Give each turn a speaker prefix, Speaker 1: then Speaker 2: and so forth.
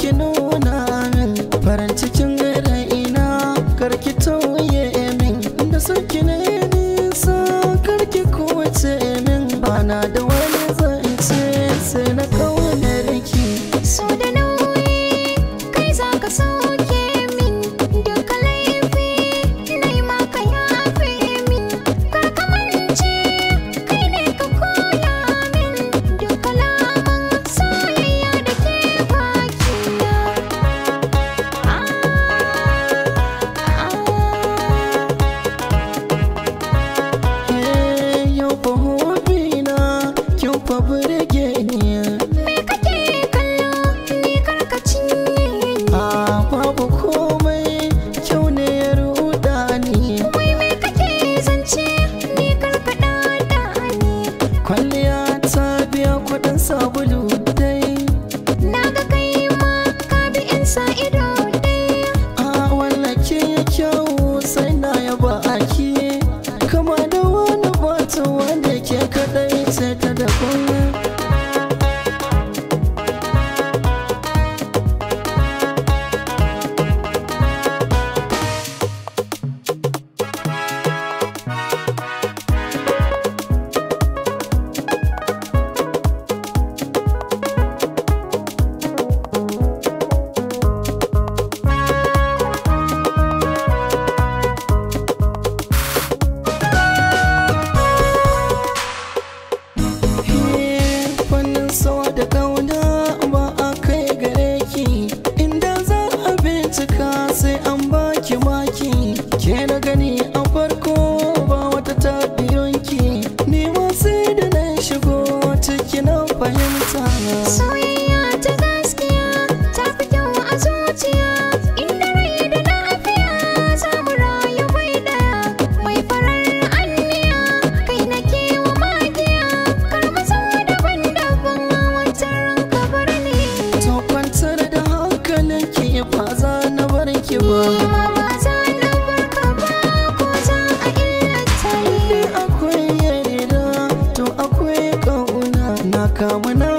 Speaker 1: ki nuna min farin cikin ina karki tauye min da sauki ne nisa karki kuwace min bana da sabulu kwenye mtaa Come on